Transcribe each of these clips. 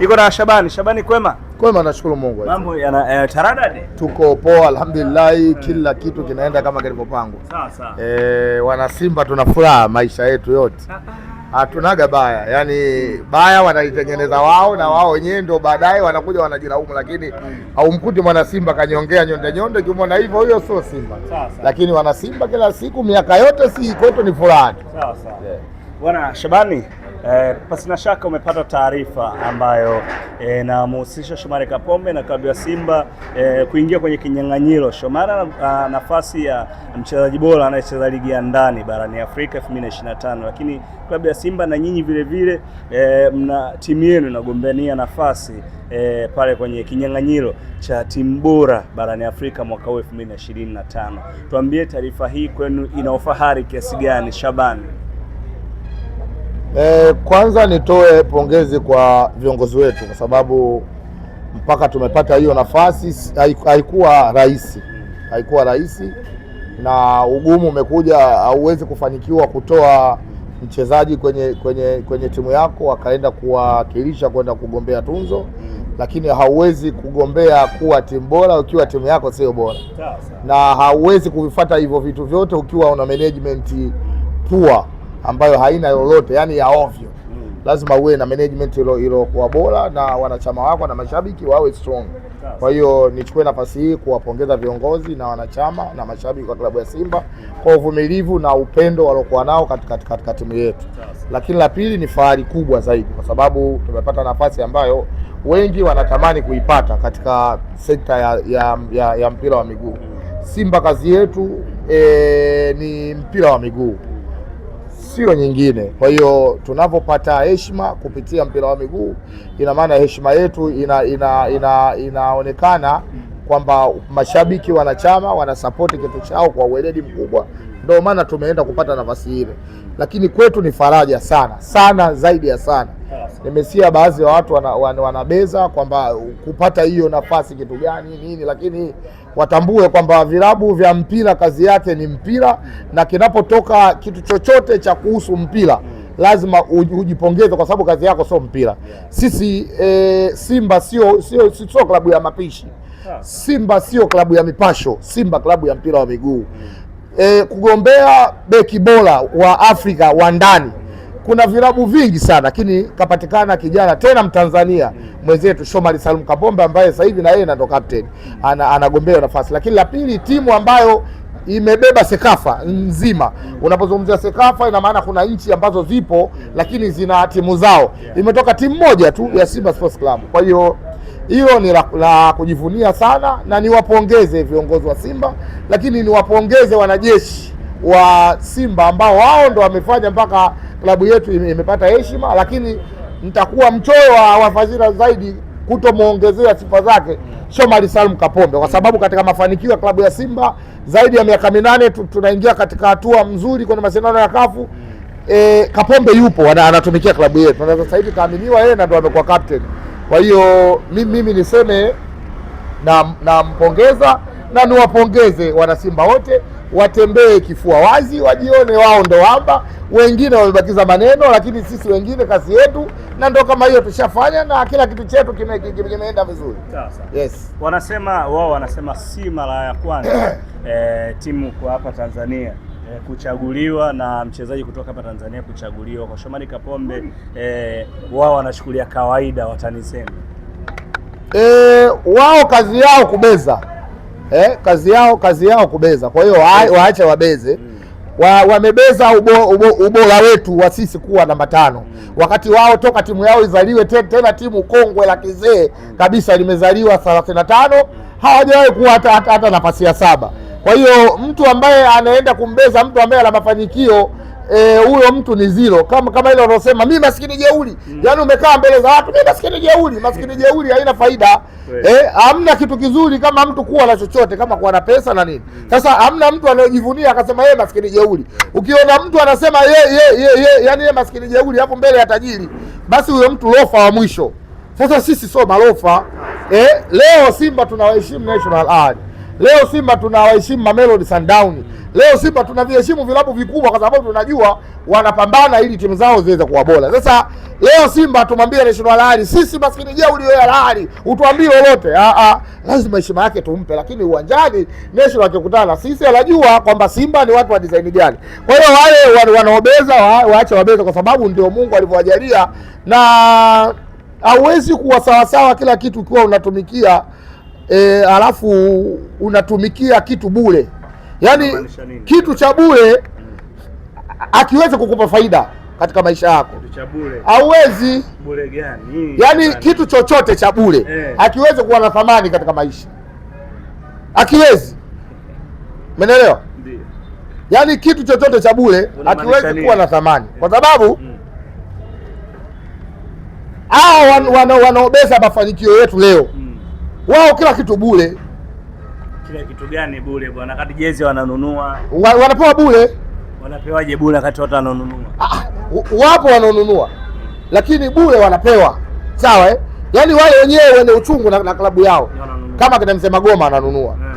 Niko na Shabani. Shabani, kwema? Kwema, nashukuru Mungu. Mambo yana eh, taradadi. Tuko poa alhamdulillah, kila kitu kinaenda kama kilivyopangwa. Sawa sawa. Eh, wana Simba tuna furaha maisha yetu yote. Hatunaga baya, yaani baya wanaitengeneza wao na wao wenyewe ndio baadaye wanakuja wanajilaumu, lakini haumkuti mwana Simba kanyongea nyonde nyonde, ukimwona hivyo huyo sio Simba. Lakini wana Simba kila siku miaka yote si koto ni furaha. Sawa sawa. Bwana Shabani Eh, pasina shaka umepata taarifa ambayo eh, inamhusisha eh, Shomari Kapombe na klabu ya Simba eh, kuingia kwenye kinyang'anyiro. Shomari ana ah, nafasi ya mchezaji bora anayecheza ligi ya ndani barani Afrika 2025, lakini klabu ya Simba na nyinyi vile vile eh, mna timu yenu inagombania nafasi eh, pale kwenye kinyang'anyiro cha timu bora barani Afrika mwaka huu 2025. Tuambie taarifa hii kwenu ina ufahari kiasi gani, Shabani? E, kwanza nitoe pongezi kwa viongozi wetu kwa sababu mpaka tumepata hiyo nafasi haikuwa rahisi, haikuwa rahisi na ugumu umekuja. Hauwezi kufanikiwa kutoa mchezaji kwenye, kwenye, kwenye timu yako akaenda kuwakilisha kwenda kugombea tunzo Lakini hauwezi kugombea kuwa timu bora ukiwa timu yako sio bora na hauwezi kuvifata hivyo vitu vyote ukiwa una management poor ambayo haina lolote, yani ya ovyo mm. Lazima uwe na management iliyokuwa bora na wanachama wako na mashabiki wawe strong. Kwa hiyo nichukue nafasi hii kuwapongeza viongozi na wanachama na mashabiki wa klabu ya Simba kwa uvumilivu na upendo waliokuwa nao katika katika timu yetu, lakini la pili ni fahari kubwa zaidi kwa sababu tumepata nafasi ambayo wengi wanatamani kuipata katika sekta ya, ya, ya, ya mpira wa miguu. Mm. Simba kazi yetu e, ni mpira wa miguu sio nyingine. Kwa hiyo tunavyopata heshima kupitia mpira wa miguu, ina maana heshima yetu ina, ina, ina, inaonekana kwamba mashabiki, wanachama wanasapoti kitu chao kwa uweledi mkubwa, ndio maana tumeenda kupata nafasi ile, lakini kwetu ni faraja sana sana, zaidi ya sana. Nimesikia baadhi ya watu wanabeza wana, wana kwamba kupata hiyo nafasi kitu gani nini, lakini watambue kwamba vilabu vya mpira kazi yake ni mpira, na kinapotoka kitu chochote cha kuhusu mpira lazima ujipongeze kwa sababu kazi yako sio mpira. Sisi e, Simba sio sio sio klabu ya mapishi. Simba sio klabu ya mipasho. Simba klabu ya mpira wa miguu. E, kugombea beki bora wa Afrika wa ndani kuna vilabu vingi sana lakini kapatikana kijana tena Mtanzania mwenzetu Shomari Salum Kapombe ambaye sasa hivi na yeye ndo captain ana, anagombea nafasi. Lakini la pili, timu ambayo imebeba Sekafa nzima. Unapozungumzia Sekafa, ina maana kuna nchi ambazo zipo lakini zina timu zao. Imetoka timu moja tu ya Simba Sports Club, kwa hiyo hilo ni la, la kujivunia sana na niwapongeze viongozi wa Simba, lakini niwapongeze wanajeshi wa Simba ambao wao ndo wamefanya mpaka klabu yetu imepata heshima, lakini nitakuwa mchoyo wa wafadhila zaidi kutomwongezea sifa zake Shomari Salum Kapombe kwa sababu katika mafanikio ya klabu ya Simba zaidi ya miaka minane tunaingia katika hatua mzuri kwenye mashindano ya kafu. E, Kapombe yupo anatumikia klabu yetu na sasa hivi kaaminiwa yeye na ndo amekuwa captain. Kwa hiyo mimi, mimi niseme nampongeza na, na niwapongeze wanasimba wote watembee kifua wazi, wajione wao ndo wamba Wengine wamebakiza maneno, lakini sisi wengine kazi yetu na ndo kama hiyo tushafanya, na kila kitu chetu kimeenda kime, kime vizuri. yes, wanasema wao wanasema si mara ya kwanza eh, timu kwa hapa Tanzania eh, kuchaguliwa na mchezaji kutoka hapa Tanzania kuchaguliwa kwa Shomari Kapombe eh, wao wanachukulia kawaida watanisema eh, wao kazi yao kubeza eh, kazi yao kazi yao kubeza. Kwa hiyo waache wabeze wa, wamebeza ubora ubo, ubo wetu wa sisi kuwa namba tano mm. Wakati wao toka timu yao izaliwe tena, tena timu kongwe la kizee kabisa limezaliwa 35 hawajawahi kuwa hata, hata, hata nafasi ya saba. Kwa hiyo mtu ambaye anaenda kumbeza mtu ambaye ana mafanikio E, huyo e, mtu ni zero, kama kama ile wanaosema mimi maskini jeuri mm. Yani umekaa mbele za watu mimi maskini jeuri, maskini mm. jeuri haina faida eh, hamna kitu kizuri kama mtu kuwa na chochote kama kuwa na pesa na nini mm. sasa Hamna mtu anayojivunia akasema yeye maskini jeuri. Ukiona mtu anasema ye ye ye, ye yani yeye maskini jeuri hapo mbele ya tajiri, basi huyo mtu lofa wa mwisho. Sasa sisi sio malofa eh, leo Simba tunawaheshimu National Army Leo Simba tunawaheshimu Mamelodi Sundowns. Leo Simba tunaviheshimu vilabu vikubwa kwa sababu tunajua wanapambana ili timu zao ziweze kuwa bora. Sasa leo Simba tumwambie National Ahli, sisi maskini je, ulio halali utuambie lolote? Ah ah, lazima heshima yake tumpe, lakini uwanjani National akikutana sisi anajua kwamba Simba ni watu wa design gani. Kwa hiyo wale wanaobeza waache wabeza, kwa sababu ndio Mungu alivyowajalia, na hauwezi kuwa sawasawa kila kitu ukiwa unatumikia e, alafu unatumikia kitu bure, yaani kitu cha bure akiwezi kukupa faida katika maisha yako hauwezi. Yaani, eh. yaani kitu chochote cha bure eh, akiwezi kuwa na thamani katika maisha, akiwezi menelewa. Yaani kitu chochote cha bure akiwezi kuwa na thamani kwa sababu mm. hawa wanaobeza wan, wan, mafanikio yetu leo mm wao kila kitu bure. Kila kitu gani bure bwana? Kati jezi wananunua wa, wanapewa bure. Wanapewaje bure kati watu wananunua? Ah, ah wapo wanaonunua lakini bure wanapewa, sawa eh? Yaani wale wenyewe wenye uchungu na, na klabu yao Kama kina mzee Magoma ananunua hmm.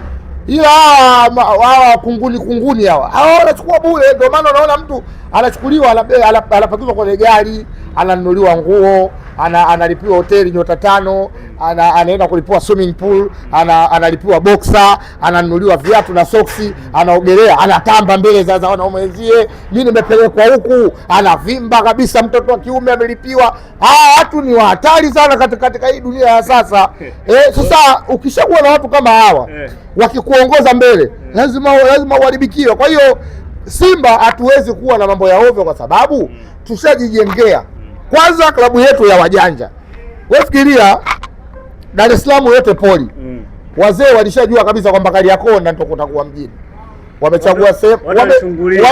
Ila hawa kunguni kunguni hawa hawa wanachukua bure, ndio maana unaona mtu anachukuliwa anapakizwa kwenye gari ananunuliwa nguo, ana, analipiwa hoteli nyota tano, ana, anaenda kulipiwa swimming pool, ana, analipiwa boksa ananunuliwa viatu na soksi, anaogelea, anatamba mbele za wanaume wenzie. Mimi nimepelekwa huku, anavimba kabisa, mtoto wa kiume amelipiwa. Hawa watu ni wahatari sana katika, katika hii dunia ya sasa e, Sasa ukishakuwa na watu kama hawa eh. wakikuongoza mbele, eh. lazima lazima uharibikiwe. Kwa hiyo Simba hatuwezi kuwa na mambo ya ovyo kwa sababu hmm. tushajijengea kwanza klabu yetu ya wajanja, wewe fikiria Dar es Salaam yote poli mm. Wazee walishajua kabisa kwamba Kariakoo ndio kutakuwa mjini, wamechagua sehemu wamejua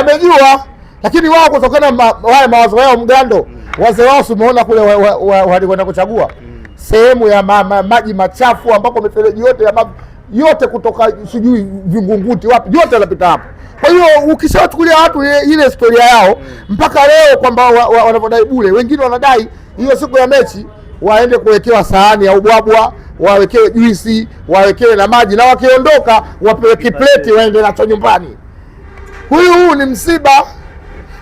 wame, lakini wao kutokana ma, wale mawazo yao mgando mm. wazee wao simeona kule walikwenda wa, wa, kuchagua mm. sehemu ya ma, ma, maji machafu ambapo mifereji yote ya ma, yote kutoka sijui Vingunguti wapi yote yanapita hapo kwa hiyo ukishawachukulia watu ile historia yao mm. mpaka leo kwamba wanavyodai wa, wa, bure, wengine wanadai hiyo siku ya mechi waende kuwekewa sahani ya ubwabwa wawekewe juisi wawekewe na maji, na wakiondoka wapewe kipleti waende nacho nyumbani. Huyu huu ni msiba.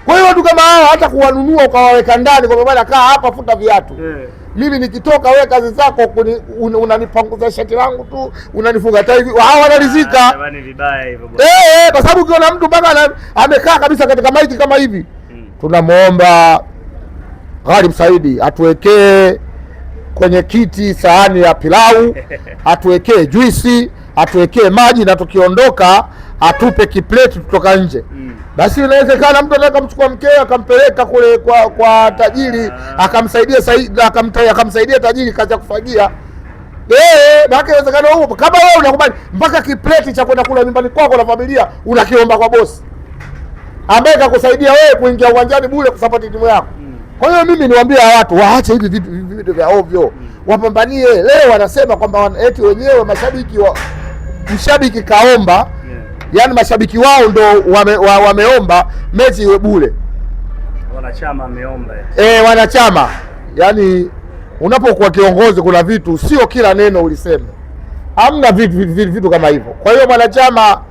Kwa hiyo watu kama hawa hata kuwanunua ukawaweka ndani, kwa sababu kaa hapa, futa viatu yeah mimi nikitoka, wewe kazi zako unanipanguza shati langu tu, unanifunga tai hivi, hao wanaridhika. Ah, eh, eh, kwa sababu ukiona mtu mpaka amekaa kabisa katika maiti kama hivi hmm. Tunamwomba Gharib Saidi atuwekee kwenye kiti sahani ya pilau, atuwekee juisi atuwekee maji na tukiondoka atupe kipleti kutoka nje mm. Basi inawezekana mtu anaweza kumchukua mkeo akampeleka kule kwa, kwa tajiri ah. akamsaidia akamsaidia tajiri kaza kufagia eh, maana inawezekana huo kama wewe unakubali mpaka kipleti cha kwenda kula nyumbani kwako na familia unakiomba kwa bosi ambaye kakusaidia wewe kuingia uwanjani bure kusapoti timu yako mm. Kwa hiyo mimi niwaambie watu waache hivi vitu vya ovyo mm. Wapambanie. Leo wanasema kwamba eti wenyewe mashabiki wa mshabiki kaomba yeah. Yani mashabiki wao ndo wame, wa, wameomba mechi iwe bure, wanachama ameomba eh, e, wanachama. Yani unapokuwa kiongozi kuna vitu sio kila neno ulisema, hamna vitu, vitu, vitu, vitu kama hivyo. Kwa hiyo mwanachama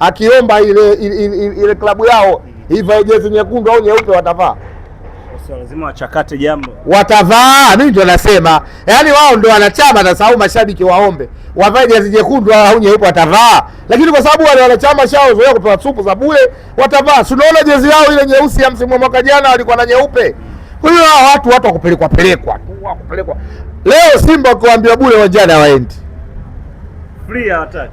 akiomba ile, ile, ile, ile klabu yao mm. ivae jezi nyekundu au nyeupe watavaa sio lazima wachakate jambo, watavaa mimi ndio nasema, yaani wao ndio wanachama. Sasa hao mashabiki waombe wavae jazi jekundu au nyeupe, watavaa, lakini kwa sababu wale wanachama shao zoea kupewa supu za bure, watavaa. Si unaona jezi yao ile nyeusi ya msimu wa mwaka jana walikuwa na nyeupe. Kwa hiyo hao watu watu wakupelekwa pelekwa tu, wakupelekwa. Leo Simba wakiwaambiwa bure uwanjani hawaendi,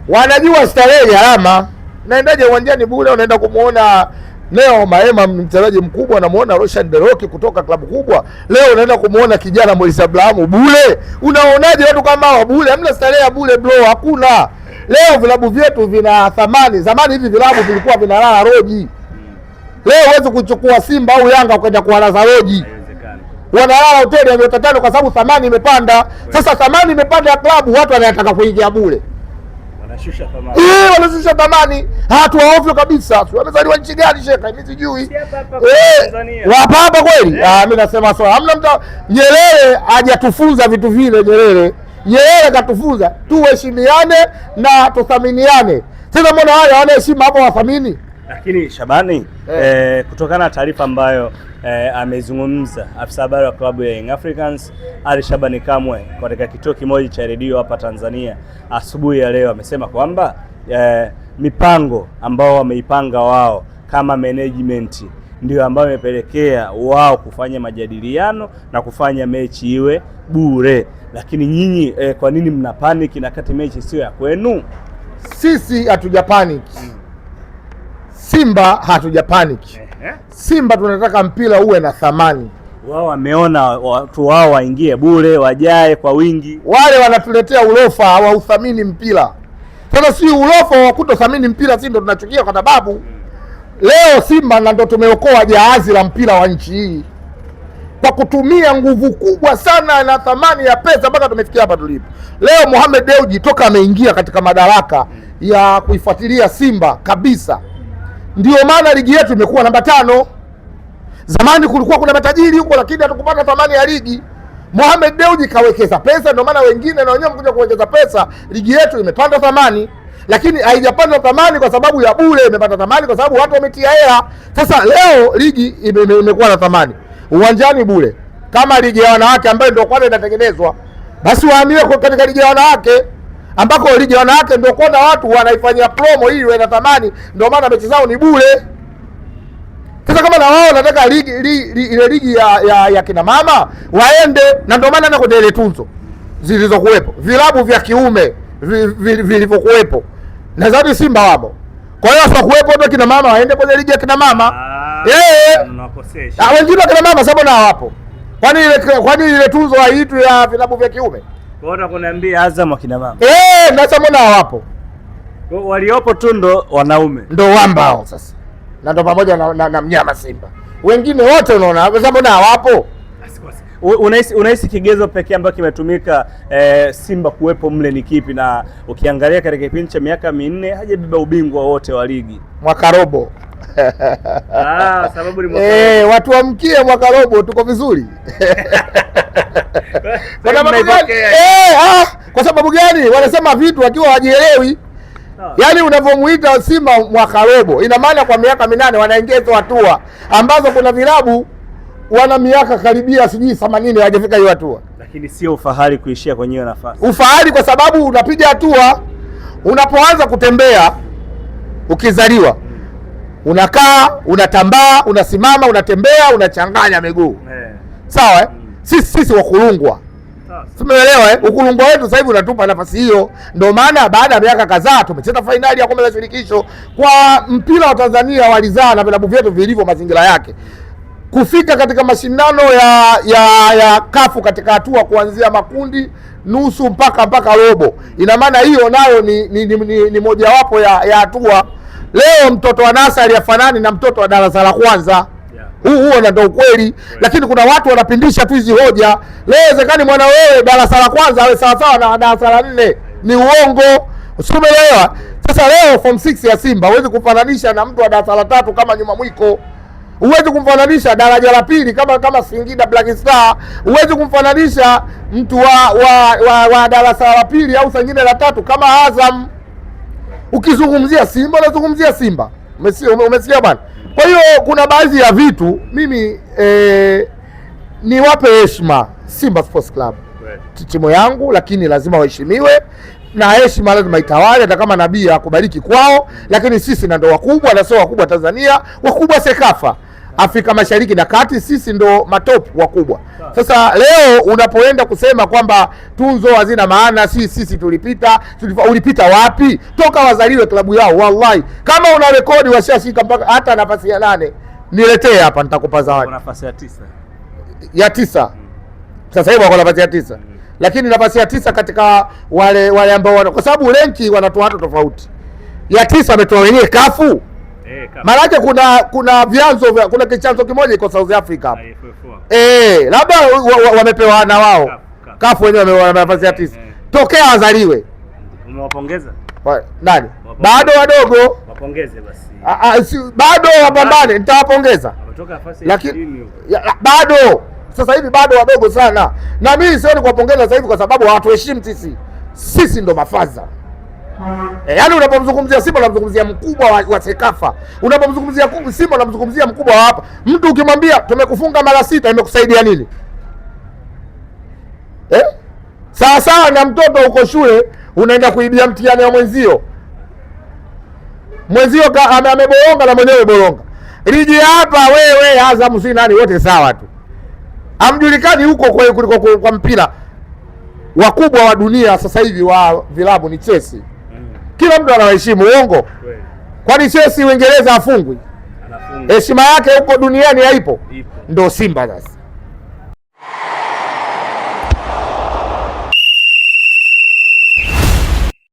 wanajua starehe gharama. Naendaje uwanjani bure? Unaenda kumuona Leo Maema ni mchezaji mkubwa, namuona Roshan Deroki kutoka klabu kubwa, leo unaenda kumuona kijana Moris Abrahamu bule. Unaonaje watu kama hao bule? Hamna starehe ya bule bro, hakuna. Leo vilabu vyetu vina thamani. Zamani hivi vilabu vilikuwa vinalala roji. Leo huwezi kuchukua Simba au Yanga ukaenda kuwalaza roji wanalala hoteli ya nyota tano kwa sababu thamani imepanda. Sasa thamani imepanda ya klabu, watu wanataka kuingia bure wanashusha thamani, eh, wanashusha thamani. kabisa, wamezaliwa nchi gani shekhe? Mimi sijui eh, hapa hapa kweli. Eh. Ah, mimi nasema sawa, hamna mtu. Nyerere hajatufunza vitu vile. Nyerere Nyerere katufunza tuheshimiane na tuthaminiane. Sasa mbona haya heshima hapo wathamini lakini Shabani eh, eh, kutokana na taarifa ambayo eh, amezungumza afisa habari wa klabu ya Young Africans Ali Shabani Kamwe katika kituo kimoja cha redio hapa Tanzania asubuhi ya leo amesema kwamba eh, mipango ambao wameipanga wao kama management ndio ambayo imepelekea wao kufanya majadiliano na kufanya mechi iwe bure. Lakini nyinyi eh, kwa nini mna panic na kati mechi sio ya kwenu? Sisi hatuja panic. Hmm. Simba hatuja panic. Simba tunataka mpira uwe na thamani. Wao wameona watu wao waingie bure, wajae kwa wingi. Wale wanatuletea ulofa hawauthamini mpira. Sasa si ulofa wa kutothamini mpira, si ndo tunachukia? Kwa sababu leo Simba na ndo tumeokoa jahazi la mpira wa nchi hii kwa kutumia nguvu kubwa sana na thamani ya pesa mpaka tumefikia hapa tulipo leo. Mohamed Dewji toka ameingia katika madaraka ya kuifuatilia Simba kabisa Ndiyo maana ligi yetu imekuwa namba tano. Zamani kulikuwa kuna matajiri huko, lakini hatukupata thamani ya ligi. Mohamed Dewji kawekeza pesa, ndio maana wengine na wenyewe kuja kuwekeza pesa. Ligi yetu imepanda thamani, lakini haijapanda thamani kwa sababu ya bure, imepanda thamani kwa sababu watu wametia hela. Sasa leo ligi imekuwa na thamani uwanjani bure, kama ligi ya wanawake ambayo ndio kwanza inatengenezwa, basi wahamie katika ligi ya wanawake ambako ligi wanawake ndio kona watu wanaifanyia promo hii iwe na thamani, ndio maana mechi zao ni bure. Sasa kama na wao nataka ligi ile ligi ya, ya, ya kina mama waende, na ndio maana kwenye ile tunzo zilizokuwepo vilabu vya kiume vilivyokuwepo vi, vi, na zaidi Simba wamo. Kwa hiyo asipokuwepo hata kina mama waende kwenye ligi ya kina mama ah, eh, eh. Ah, wengine, kina mama sababu na wapo. Kwani ile kwani ile tunzo haitu ya vilabu vya kiume? Unakuniambia Azam akina mama eh, na Azam wapo, waliopo tu ndo wanaume ndo wambao sasa, na ndo pamoja na, na, na mnyama Simba, wengine wote unaona kwa sababu na wapo. Unahisi, unahisi kigezo pekee ambacho kimetumika eh, Simba kuwepo mle ni kipi? Na ukiangalia katika kipindi cha miaka minne hajabeba ubingwa wote wa ligi mwaka robo Ah, sababu ni mwaka eh, wamkie mwaka robo tuko vizuri kwa sababu gani? Eh, ah, kwa sababu gani wanasema vitu wakiwa wajielewi ah. Yaani unavyomwita Simba mwaka robo, ina maana kwa miaka minane wanaingia hizo hatua ambazo kuna vilabu wana miaka karibia sijui themanini hawajafika hiyo hatua, lakini sio ufahari kuishia kwenye hiyo nafasi. Ufahari kwa sababu unapiga hatua unapoanza kutembea ukizaliwa unakaa unatambaa unasimama unatembea unachanganya miguu yeah. Sawa eh? mm. Sisi sisi wakulungwa Tumeelewa eh? Ukulungwa wetu sasa hivi unatupa nafasi hiyo. Ndio maana baada ya miaka kadhaa tumecheza fainali ya kombe la shirikisho kwa mpira wa Tanzania walizaa na vilabu vyetu vilivyo mazingira yake kufika katika mashindano ya ya, ya kafu katika hatua kuanzia makundi nusu mpaka mpaka robo. Ina maana hiyo nayo ni, ni, ni, ni, ni mojawapo ya hatua Leo mtoto wa nasa aliyafanani na mtoto wa darasa la kwanza huu huo na ndo ukweli Lakini kuna watu wanapindisha tu hizi hoja. Leo wezekani mwana wewe darasa la kwanza awe sawasawa na darasa la nne, ni uongo. Usimeelewa? Sasa leo form 6 ya Simba huwezi kufananisha na mtu wa darasa la tatu kama nyuma mwiko huwezi kumfananisha daraja la pili kama kama Singida Black Star. Huwezi kumfananisha mtu wa wa, wa, wa darasa la pili au sangine la tatu kama Azam ukizungumzia Simba unazungumzia Simba. Umesikia bwana? Kwa hiyo kuna baadhi ya vitu mimi ni eh, niwape heshima Simba Sports Club timu yangu, lakini lazima waheshimiwe na heshima lazima itawale, hata kama nabii hakubariki kwao, lakini sisi na ndo wakubwa na sio wakubwa Tanzania, wakubwa Sekafa. Afrika Mashariki na Kati, sisi ndo matopu wakubwa. Sasa leo unapoenda kusema kwamba tunzo hazina maana, si sisi tulipita, tulifa, ulipita wapi? Toka wazaliwe klabu yao, wallahi kama una rekodi washashika mpaka hata nafasi ya nane. Niletee hapa nitakupa zawadi. Nafasi ya tisa ya tisa hmm. Sasa hivi wako nafasi ya tisa hmm. Lakini nafasi ya tisa katika wale wale ambao wana, kwa sababu renki wanatoa watu tofauti. Ya tisa ametoa wenyewe kafu eh, maanake kuna kuna vyanzo vya, kuna kichanzo kimoja iko South Africa ah, eh, labda wamepewa na wao kafu wenyewe nafasi ya eh, tisa eh. tokea wazaliwe. Umewapongeza nani? Bado wadogo, wapongeze basi. A, ah, ah, si, bado wapambane, nitawapongeza lakini bado sasa hivi bado wadogo sana, na mimi sioni kuwapongeza sasa hivi kwa sababu hawatuheshimu sisi. Sisi ndo mafaza. E, yaani unapomzungumzia Simba unamzungumzia mkubwa wa, wa Sekafa. Unapomzungumzia Simba unamzungumzia mkubwa wa hapa. Mtu ukimwambia tumekufunga mara sita imekusaidia nini? Eh? Sawa sawa na mtoto uko shule unaenda kuibia mtihani wa mwenzio. Mwenzio ameboronga na mwenyewe boronga. Liji hapa wewe Azam si nani wote sawa tu. Amjulikani huko kwa kuliko kwa mpira. Wakubwa wa dunia sasa hivi wa vilabu ni Chelsea kila mtu anaheshimu Uongo? Kwani si Uingereza afungwi? Heshima yake huko duniani haipo? Ndio Simba sasa